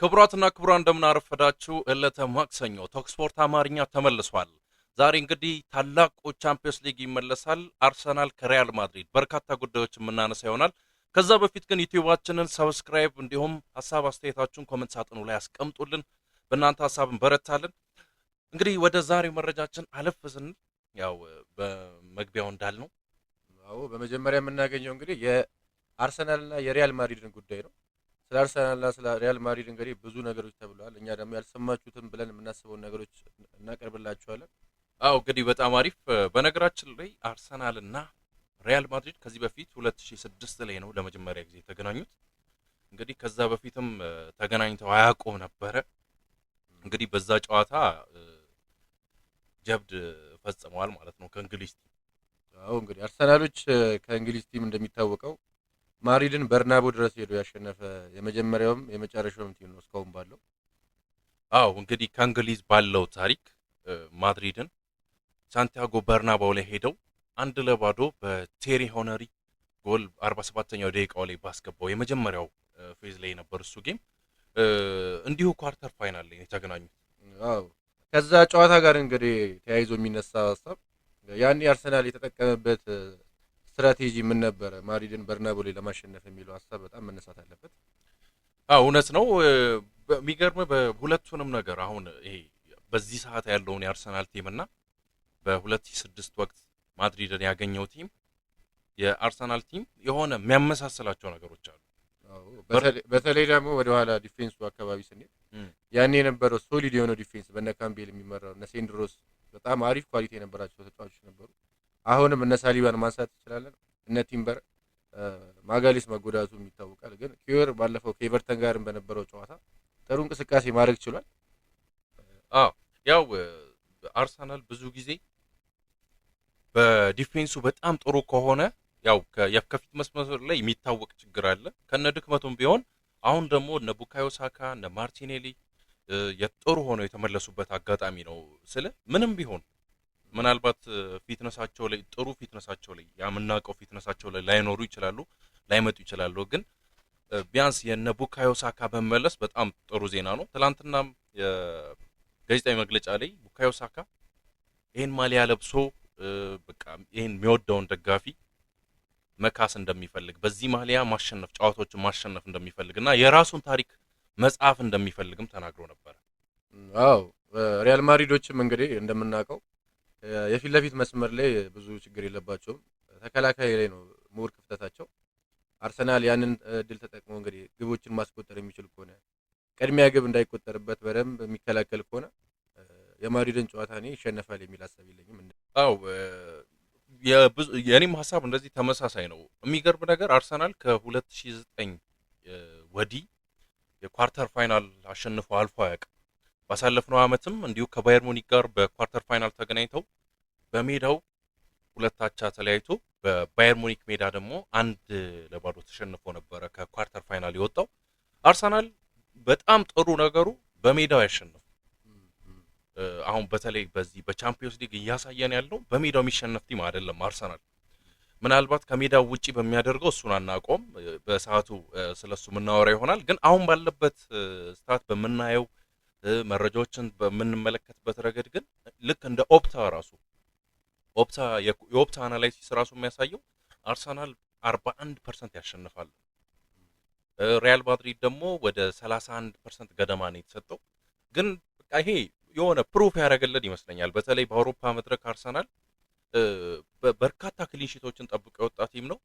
ክቡራትና ክቡራን እንደምናረፈዳችሁ ዕለተ ማክሰኞ ቶክስፖርት አማርኛ ተመልሷል። ዛሬ እንግዲህ ታላቁ ቻምፒዮንስ ሊግ ይመለሳል። አርሰናል ከሪያል ማድሪድ በርካታ ጉዳዮች የምናነሳ ይሆናል። ከዛ በፊት ግን ዩቲዩባችንን ሰብስክራይብ፣ እንዲሁም ሀሳብ አስተያየታችሁን ኮመንት ሳጥኑ ላይ አስቀምጡልን። በእናንተ ሀሳብ እንበረታለን። እንግዲህ ወደ ዛሬው መረጃችን አለፍ ስንል ያው በመግቢያው እንዳልነው በመጀመሪያ የምናገኘው እንግዲህ የአርሰናልና የሪያል ማድሪድን ጉዳይ ነው። ስለ አርሰናልና ስለ ሪያል ማድሪድ እንግዲህ ብዙ ነገሮች ተብለዋል። እኛ ደግሞ ያልሰማችሁትን ብለን የምናስበውን ነገሮች እናቀርብላችኋለን። አው እንግዲህ በጣም አሪፍ። በነገራችን ላይ አርሰናልና ሪያል ማድሪድ ከዚህ በፊት 2006 ላይ ነው ለመጀመሪያ ጊዜ የተገናኙት። እንግዲህ ከዛ በፊትም ተገናኝተው አያውቁም ነበረ። እንግዲህ በዛ ጨዋታ ጀብድ ፈጽመዋል ማለት ነው ከእንግሊዝ ቲም። አዎ እንግዲህ አርሰናሎች ከእንግሊዝ ቲም እንደሚታወቀው ማድሪድን በርናቦ ድረስ ሄዶ ያሸነፈ የመጀመሪያውም የመጨረሻውም ቲም ነው እስካሁን ባለው። አዎ እንግዲህ ከእንግሊዝ ባለው ታሪክ ማድሪድን ሳንቲያጎ በርናባው ላይ ሄደው አንድ ለባዶ በቴሪ ሆነሪ ጎል 47ኛው ደቂቃው ላይ ባስገባው የመጀመሪያው ፌዝ ላይ የነበር እሱ ጌም እንዲሁ ኳርተር ፋይናል ላይ የተገናኙት። ከዛ ጨዋታ ጋር እንግዲህ ተያይዞ የሚነሳ ሀሳብ ያኔ አርሰናል የተጠቀመበት ስትራቴጂ ምን ነበረ? ማድሪድን በርናቦሌ ለማሸነፍ የሚለው ሀሳብ በጣም መነሳት አለበት። እውነት ነው። በሚገርም በሁለቱንም ነገር አሁን ይሄ በዚህ ሰዓት ያለውን የአርሰናል ቲም እና በ2006 ወቅት ማድሪድን ያገኘው ቲም የአርሰናል ቲም የሆነ የሚያመሳስላቸው ነገሮች አሉ። በተለይ ደግሞ ወደኋላ ዲፌንሱ አካባቢ ስንሄድ ያኔ የነበረው ሶሊድ የሆነው ዲፌንስ በነ ካምቤል የሚመራው እነ ሴንድሮስ በጣም አሪፍ ኳሊቲ የነበራቸው ተጫዋቾች ነበሩ። አሁንም እነ ሳሊባን ማንሳት እንችላለን። እነ ቲምበር ማጋሊስ መጎዳቱ ይታወቃል። ግን ኪዮር ባለፈው ከኤቨርተን ጋርም በነበረው ጨዋታ ጥሩ እንቅስቃሴ ማድረግ ችሏል። አዎ ያው አርሰናል ብዙ ጊዜ በዲፌንሱ በጣም ጥሩ ከሆነ ያው ከፊት መስመር ላይ የሚታወቅ ችግር አለ ከነ ድክመቱም ቢሆን አሁን ደግሞ እነ ቡካዮ ሳካ እነ ማርቲኔሊ የጥሩ ሆነው የተመለሱበት አጋጣሚ ነው ስለ ምንም ቢሆን ምናልባት ፊትነሳቸው ላይ ጥሩ ፊትነሳቸው ላይ የምናውቀው ፊትነሳቸው ላይ ላይኖሩ ይችላሉ፣ ላይመጡ ይችላሉ። ግን ቢያንስ የነ ቡካዮ ሳካ በጣም ጥሩ ዜና ነው። ትናንትናም የጋዜጣዊ መግለጫ ላይ ቡካዮ ሳካ ይህን ማሊያ ለብሶ በቃ ይህን የሚወደውን ደጋፊ መካስ እንደሚፈልግ በዚህ ማሊያ ማሸነፍ ጨዋታዎችን ማሸነፍ እንደሚፈልግ እና የራሱን ታሪክ መጽሐፍ እንደሚፈልግም ተናግሮ ነበር። አዎ ሪያል ማድሪዶችም እንግዲህ እንደምናውቀው የፊት ለፊት መስመር ላይ ብዙ ችግር የለባቸውም። ተከላካይ ላይ ነው ምሁር ክፍተታቸው። አርሰናል ያንን እድል ተጠቅሞ እንግዲህ ግቦችን ማስቆጠር የሚችል ከሆነ ቅድሚያ ግብ እንዳይቆጠርበት በደንብ የሚከላከል ከሆነ የማድሪድን ጨዋታ እኔ ይሸነፋል የሚል ሀሳብ የለኝም። የእኔም ሀሳብ እንደዚህ ተመሳሳይ ነው። የሚገርም ነገር አርሰናል ከ209 ወዲህ የኳርተር ፋይናል አሸንፎ አልፎ አያውቅም። ባሳለፍነው ዓመትም እንዲሁ ከባየር ሙኒክ ጋር በኳርተር ፋይናል ተገናኝተው በሜዳው ሁለታቻ ተለያይቶ በባየር ሙኒክ ሜዳ ደግሞ አንድ ለባዶ ተሸንፎ ነበረ ከኳርተር ፋይናል የወጣው። አርሰናል በጣም ጥሩ ነገሩ በሜዳው ያሸንፍ። አሁን በተለይ በዚህ በቻምፒዮንስ ሊግ እያሳየን ያለው በሜዳው የሚሸነፍ ቲም አይደለም አርሰናል። ምናልባት ከሜዳው ውጪ በሚያደርገው እሱን አናቆም፣ በሰዓቱ ስለሱ የምናወራ ይሆናል። ግን አሁን ባለበት ስታት በምናየው መረጃዎችን በምንመለከትበት ረገድ ግን ልክ እንደ ኦፕታ ራሱ ኦፕታ የኦፕታ አናላይሲስ ራሱ የሚያሳየው አርሰናል 41 ፐርሰንት ያሸንፋል። ሪያል ማድሪድ ደግሞ ወደ 31 ፐርሰንት ገደማ ነው የተሰጠው። ግን በቃ ይሄ የሆነ ፕሩፍ ያደረገለን ይመስለኛል። በተለይ በአውሮፓ መድረክ አርሰናል በርካታ ክሊንሺቶችን ጠብቆ የወጣ ቲም ነው።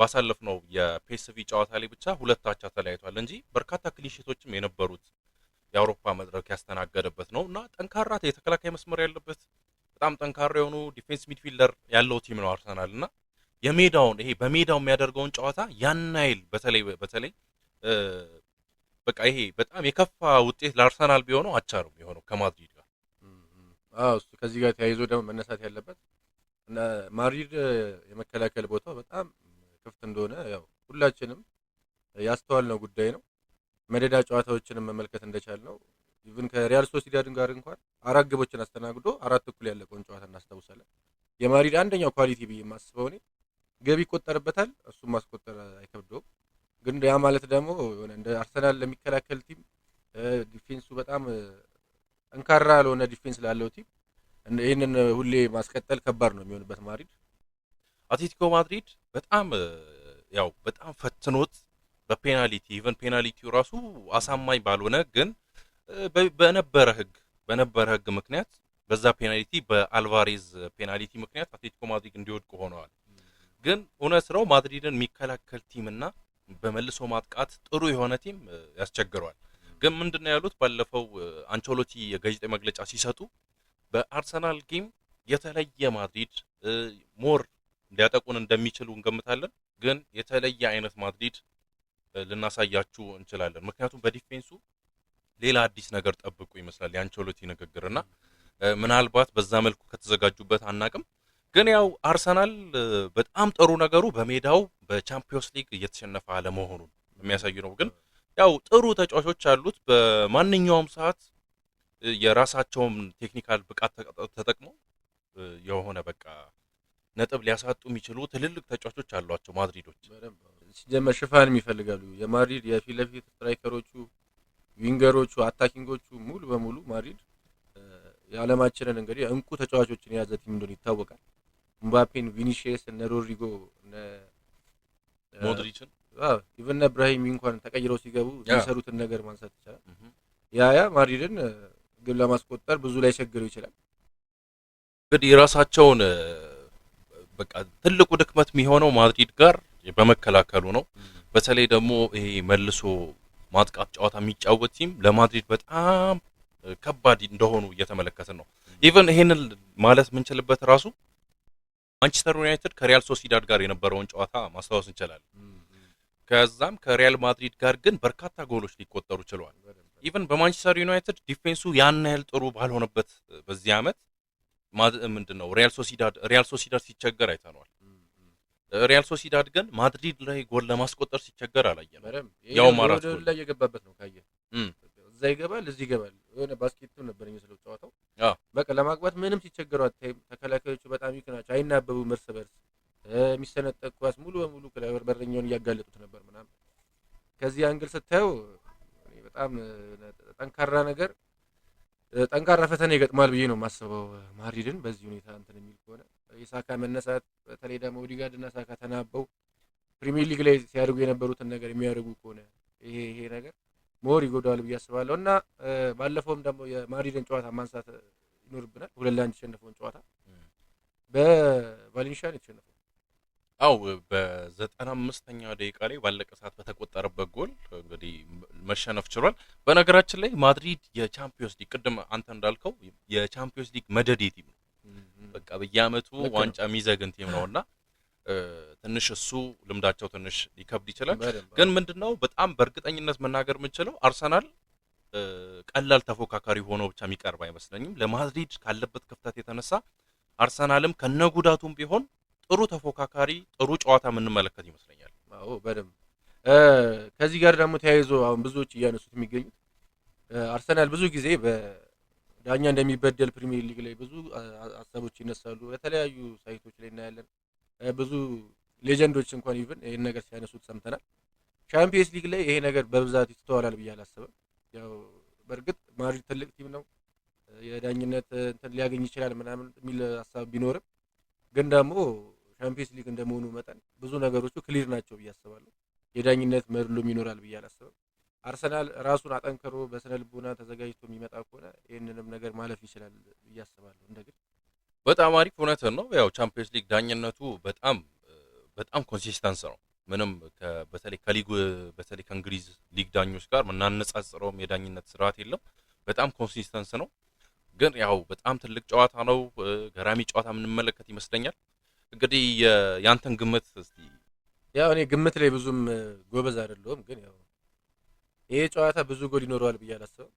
ባሳለፍ ነው የፔስቪ ጨዋታ ላይ ብቻ ሁለታቻ ተለያይቷል እንጂ በርካታ ክሊንሺቶችም የነበሩት የአውሮፓ መድረክ ያስተናገደበት ነው እና ጠንካራ የተከላካይ መስመር ያለበት በጣም ጠንካራ የሆኑ ዲፌንስ ሚድፊልደር ያለው ቲም ነው አርሰናል እና የሜዳውን ይሄ በሜዳው የሚያደርገውን ጨዋታ ያን ያህል በተለይ በተለይ በቃ ይሄ በጣም የከፋ ውጤት ለአርሰናል ቢሆነው አቻ የሆነው ከማድሪድ ጋር። እሱ ከዚህ ጋር ተያይዞ ደግሞ መነሳት ያለበት ማድሪድ የመከላከል ቦታው በጣም ክፍት እንደሆነ ያው ሁላችንም ያስተዋልነው ጉዳይ ነው። መደዳ ጨዋታዎችንም መመልከት እንደቻል ነው። ኢቭን ከሪያል ሶሲዳድን ጋር እንኳን አራት ግቦችን አስተናግዶ አራት እኩል ያለቀውን ጨዋታ እናስታውሳለን። የማድሪድ አንደኛው ኳሊቲ ብዬ የማስበው እኔ ገቢ ይቆጠርበታል፣ እሱም ማስቆጠር አይከብደውም። ግን ያ ማለት ደግሞ የሆነ እንደ አርሰናል ለሚከላከል ቲም ዲፌንሱ በጣም ጠንካራ ለሆነ ዲፌንስ ላለው ቲም ይህንን ሁሌ ማስቀጠል ከባድ ነው የሚሆንበት ማድሪድ አትሌቲኮ ማድሪድ በጣም ያው በጣም ፈትኖት በፔናሊቲ ኢቨን ፔናሊቲው ራሱ አሳማኝ ባልሆነ ግን በነበረ ህግ በነበረ ህግ ምክንያት በዛ ፔናሊቲ በአልቫሬዝ ፔናሊቲ ምክንያት አትሌቲኮ ማድሪድ እንዲወድቁ ሆነዋል። ግን እውነት ነው ማድሪድን የሚከላከል ቲም ና በመልሶ ማጥቃት ጥሩ የሆነ ቲም ያስቸግረዋል። ግን ምንድን ነው ያሉት ባለፈው አንቸሎቲ የጋዜጣዊ መግለጫ ሲሰጡ በአርሰናል ጌም የተለየ ማድሪድ ሞር ሊያጠቁን እንደሚችሉ እንገምታለን። ግን የተለየ አይነት ማድሪድ ልናሳያችሁ እንችላለን። ምክንያቱም በዲፌንሱ ሌላ አዲስ ነገር ጠብቁ ይመስላል የአንቸሎቲ ንግግር ምናልባት በዛ መልኩ ከተዘጋጁበት አናቅም። ግን ያው አርሰናል በጣም ጥሩ ነገሩ በሜዳው በቻምፒዮንስ ሊግ እየተሸነፈ አለመሆኑን የሚያሳይ ነው። ግን ያው ጥሩ ተጫዋቾች አሉት። በማንኛውም ሰዓት የራሳቸውም ቴክኒካል ብቃት ተጠቅመው የሆነ በቃ ነጥብ ሊያሳጡ የሚችሉ ትልልቅ ተጫዋቾች አሏቸው ማድሪዶች ሲጀመር ሽፋንም ይፈልጋሉ። የማድሪድ የፊት ለፊት ስትራይከሮቹ፣ ዊንገሮቹ፣ አታኪንጎቹ ሙሉ በሙሉ ማድሪድ የዓለማችንን እንግዲህ እንቁ ተጫዋቾችን የያዘ ቲም እንደሆነ ይታወቃል። ምባፔን፣ ቪኒሽስ፣ እነ ሮድሪጎ፣ ሞድሪችን ኢቨን ብራሂም እንኳን ተቀይረው ሲገቡ የሚሰሩትን ነገር ማንሳት ይቻላል። ያ ያ ማድሪድን ግብ ለማስቆጠር ብዙ ላይ ቸግረው ይችላል። እንግዲህ የራሳቸውን በቃ ትልቁ ድክመት የሚሆነው ማድሪድ ጋር በመከላከሉ ነው። በተለይ ደግሞ ይሄ መልሶ ማጥቃት ጨዋታ የሚጫወት ቲም ለማድሪድ በጣም ከባድ እንደሆኑ እየተመለከትን ነው። ኢቨን ይሄንን ማለት የምንችልበት ራሱ ማንቸስተር ዩናይትድ ከሪያል ሶሲዳድ ጋር የነበረውን ጨዋታ ማስታወስ እንችላለን። ከዛም ከሪያል ማድሪድ ጋር ግን በርካታ ጎሎች ሊቆጠሩ ችለዋል። ኢቨን በማንቸስተር ዩናይትድ ዲፌንሱ ያን ያህል ጥሩ ባልሆነበት በዚህ አመት ምንድን ነው ሪያል ሶሲዳድ ሪያል ሶሲዳድ ሲቸገር አይተነዋል። ሪያል ሶሲዳድ ግን ማድሪድ ላይ ጎል ለማስቆጠር ሲቸገር አላየንም። ያው ማራት ጎል ላይ የገባበት ነው ካየ እዛ ይገባል፣ እዚህ ይገባል። የሆነ ባስኬትም ነበር የሚመስለው ጨዋታው። በቃ ለማግባት ምንም ሲቸገሩ አታይም። ተከላካዮቹ በጣም ይክ ናቸው፣ አይናበቡም። እርስ በርስ የሚሰነጠቅ ኳስ ሙሉ በሙሉ በረኛውን እያጋለጡት ነበር ምናምን። ከዚህ አንግል ስታየው በጣም ጠንካራ ነገር ጠንካራ ፈተና ይገጥማል ብዬ ነው የማስበው ማድሪድን በዚህ ሁኔታ እንትን የሚል ከሆነ የሳካ መነሳት በተለይ ደግሞ ኦዲጋርድ እና ሳካ ተናበው ፕሪሚየር ሊግ ላይ ሲያደርጉ የነበሩትን ነገር የሚያደርጉ ከሆነ ይሄ ይሄ ነገር ሞር ይጎዳዋል ብዬ አስባለሁ እና ባለፈውም ደግሞ የማድሪድን ጨዋታ ማንሳት ይኖርብናል። ሁለት ለአንድ የተሸነፈውን ጨዋታ በቫሌንሺያን የተሸነፈው አው በዘጠና አምስተኛ ደቂቃ ላይ ባለቀ ሰዓት በተቆጠረበት ጎል እንግዲህ መሸነፍ ችሏል። በነገራችን ላይ ማድሪድ የቻምፒዮንስ ሊግ ቅድም አንተ እንዳልከው የቻምፒዮንስ ሊግ መደዴ ቲም በየአመቱ ዋንጫ የሚዘግን ቲም ነው እና ትንሽ እሱ ልምዳቸው ትንሽ ሊከብድ ይችላል። ግን ምንድን ነው በጣም በእርግጠኝነት መናገር የምንችለው አርሰናል ቀላል ተፎካካሪ ሆኖ ብቻ የሚቀርብ አይመስለኝም። ለማድሪድ ካለበት ክፍተት የተነሳ አርሰናልም ከነጉዳቱም ቢሆን ጥሩ ተፎካካሪ፣ ጥሩ ጨዋታ የምንመለከት ይመስለኛል። በደንብ ከዚህ ጋር ደግሞ ተያይዞ አሁን ብዙዎች እያነሱት የሚገኙት አርሰናል ብዙ ጊዜ ዳኛ እንደሚበደል ፕሪሚየር ሊግ ላይ ብዙ ሀሳቦች ይነሳሉ። የተለያዩ ሳይቶች ላይ እናያለን። ብዙ ሌጀንዶች እንኳን ይብን ይህን ነገር ሲያነሱት ሰምተናል። ቻምፒየንስ ሊግ ላይ ይሄ ነገር በብዛት ይስተዋላል ብዬ አላስብም። ያው በእርግጥ ማድሪድ ትልቅ ቲም ነው፣ የዳኝነት እንትን ሊያገኝ ይችላል ምናምን የሚል ሀሳብ ቢኖርም ግን ደግሞ ቻምፒየንስ ሊግ እንደመሆኑ መጠን ብዙ ነገሮቹ ክሊር ናቸው ብዬ አስባለሁ። የዳኝነት መድሎም ይኖራል ብዬ አላስብም። አርሰናል ራሱን አጠንክሮ በስነ ልቦና ተዘጋጅቶ የሚመጣ ከሆነ ይህንንም ነገር ማለፍ ይችላል ብዬ እንደግን በጣም አሪፍ እውነትን ነው። ያው ቻምፒየንስ ሊግ ዳኝነቱ በጣም በጣም ኮንሲስተንስ ነው። ምንም በተለይ ከሊጉ በተለይ ከእንግሊዝ ሊግ ዳኞች ጋር እናነጻጽረውም የዳኝነት ስርዓት የለም። በጣም ኮንሲስተንስ ነው። ግን ያው በጣም ትልቅ ጨዋታ ነው። ገራሚ ጨዋታ የምንመለከት ይመስለኛል። እንግዲህ የአንተን ግምት እስቲ። ያው እኔ ግምት ላይ ብዙም ጎበዝ አይደለሁም፣ ግን ያው ይሄ ጨዋታ ብዙ ጎል ይኖረዋል ብዬ አላስብም።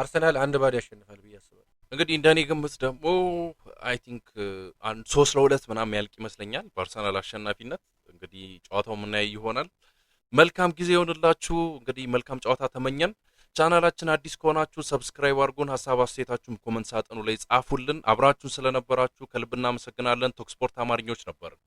አርሰናል አንድ ባዶ ያሸንፋል ብዬ አስባለሁ። እንግዲህ እንደ እኔ ግምት ደግሞ አይ ቲንክ አንድ ሶስት ለሁለት ምናምን ያልቅ ይመስለኛል በአርሰናል አሸናፊነት። እንግዲህ ጨዋታው የምናይ ይሆናል። መልካም ጊዜ ይሆንላችሁ። እንግዲህ መልካም ጨዋታ ተመኘን። ቻናላችን አዲስ ከሆናችሁ ሰብስክራይብ አድርጉን። ሀሳብ አስተያየታችሁን ኮመንት ሳጥኑ ላይ ጻፉልን። አብራችሁን ስለነበራችሁ ከልብ እናመሰግናለን። ቶክስፖርት አማርኞች ነበርን።